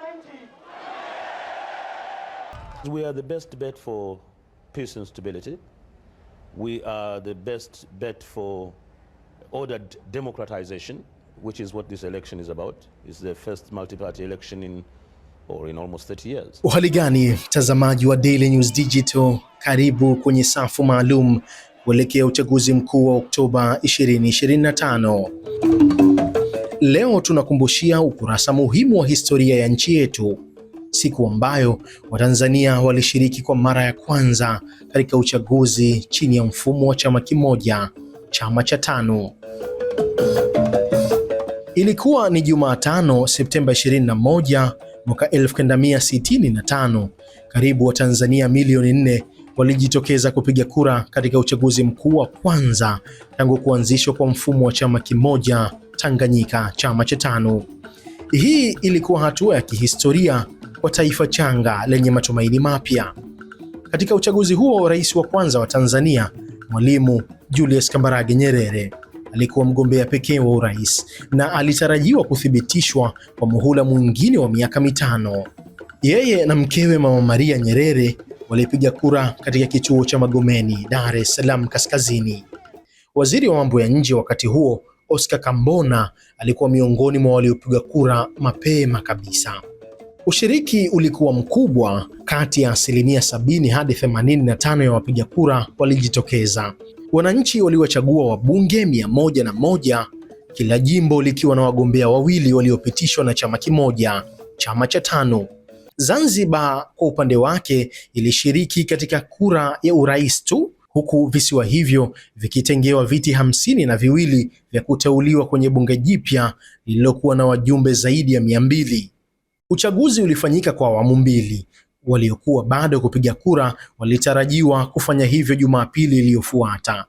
wananchi. We are the best bet for peace and stability. We are the best bet for ordered democratization, which is what this election is about. It's the first multi-party election in or in almost 30 years. Uhali gani mtazamaji wa Daily News Digital, karibu kwenye safu maalum kuelekea uchaguzi mkuu wa Oktoba 2025. Leo tunakumbushia ukurasa muhimu wa historia ya nchi yetu, siku ambayo Watanzania walishiriki kwa mara ya kwanza katika uchaguzi chini ya mfumo wa chama kimoja, chama cha TANU. Ilikuwa ni Jumatano, Septemba 21 mwaka 1965. Karibu Watanzania milioni nne walijitokeza kupiga kura katika uchaguzi mkuu wa kwanza tangu kuanzishwa kwa mfumo wa chama kimoja Tanganyika chama cha tano. Hii ilikuwa hatua ya kihistoria kwa taifa changa lenye matumaini mapya. Katika uchaguzi huo, rais wa kwanza wa Tanzania Mwalimu Julius Kambarage Nyerere alikuwa mgombea pekee wa urais na alitarajiwa kuthibitishwa kwa muhula mwingine wa miaka mitano. Yeye na mkewe Mama Maria Nyerere walipiga kura katika kituo cha Magomeni, Dar es Salaam Kaskazini. Waziri wa mambo ya nje wakati huo Oscar Kambona alikuwa miongoni mwa waliopiga kura mapema kabisa. Ushiriki ulikuwa mkubwa, kati ya asilimia 70 hadi 85 ya wapiga kura walijitokeza. Wananchi waliwachagua wabunge mia moja na moja, kila jimbo likiwa na wagombea wawili waliopitishwa na chama kimoja, chama cha tano. Zanzibar kwa upande wake ilishiriki katika kura ya urais tu huku visiwa hivyo vikitengewa viti hamsini na viwili vya kuteuliwa kwenye bunge jipya lililokuwa na wajumbe zaidi ya mia mbili. Uchaguzi ulifanyika kwa awamu mbili. Waliokuwa bado kupiga kura walitarajiwa kufanya hivyo Jumapili iliyofuata.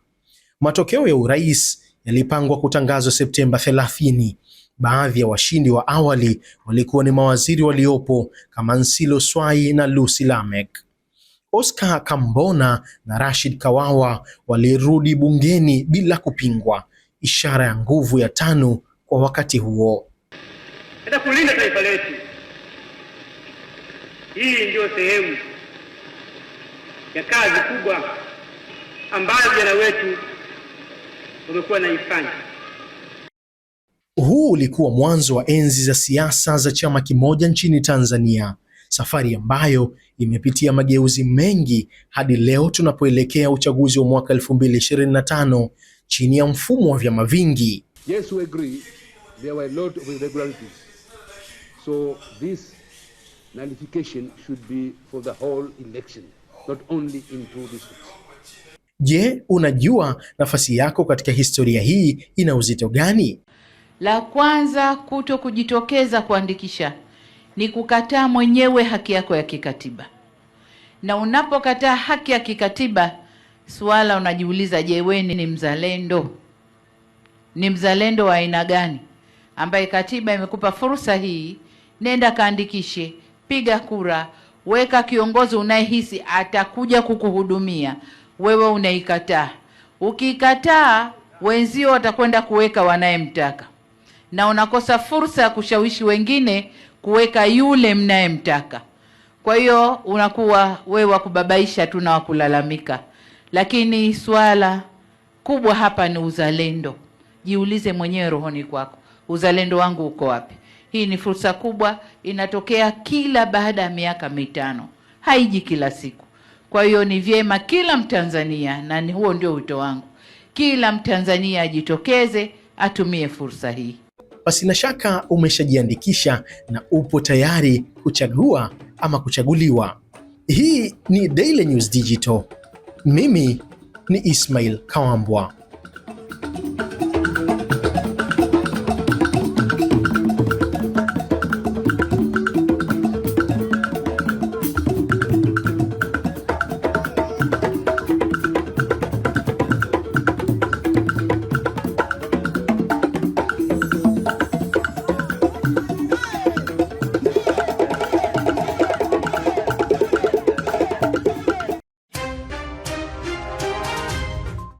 Matokeo ya urais yalipangwa kutangazwa Septemba 30. Baadhi ya washindi wa awali walikuwa ni mawaziri waliopo kama Nsilo Swai na Lucy Lamek. Oscar Kambona na Rashid Kawawa walirudi bungeni bila kupingwa, ishara ya nguvu ya tano kwa wakati huo. Hata kulinda taifa letu, hii ndiyo sehemu ya kazi kubwa ambayo vijana wetu wamekuwa naifanya. Huu ulikuwa mwanzo wa enzi za siasa za chama kimoja nchini Tanzania safari ambayo imepitia mageuzi mengi hadi leo tunapoelekea uchaguzi wa mwaka 2025 chini ya mfumo wa vyama vingi. Yes, we agree. There were a lot of irregularities. So this nullification should be for the whole election, not only in two districts. Je, unajua nafasi yako katika historia hii ina uzito gani? La kwanza, kuto kujitokeza kuandikisha ni kukataa mwenyewe haki yako ya kikatiba, na unapokataa haki ya kikatiba suala unajiuliza, je, wewe ni mzalendo? Ni mzalendo wa aina gani ambaye katiba imekupa fursa hii? Nenda kaandikishe, piga kura, weka kiongozi unayehisi atakuja kukuhudumia wewe. Unaikataa. ukikataa wenzio watakwenda kuweka wanayemtaka, na unakosa fursa ya kushawishi wengine kuweka yule mnayemtaka. Kwa hiyo unakuwa we wa kubabaisha tu na wakulalamika kulalamika, lakini swala kubwa hapa ni uzalendo. Jiulize mwenyewe rohoni kwako, uzalendo wangu uko wapi? Hii ni fursa kubwa, inatokea kila baada ya miaka mitano, haiji kila siku. Kwa hiyo ni vyema kila Mtanzania, na huo ndio wito wangu, kila Mtanzania ajitokeze, atumie fursa hii basi na shaka umeshajiandikisha na upo tayari kuchagua ama kuchaguliwa. Hii ni Daily News Digital. Mimi ni Ismail Kawambwa.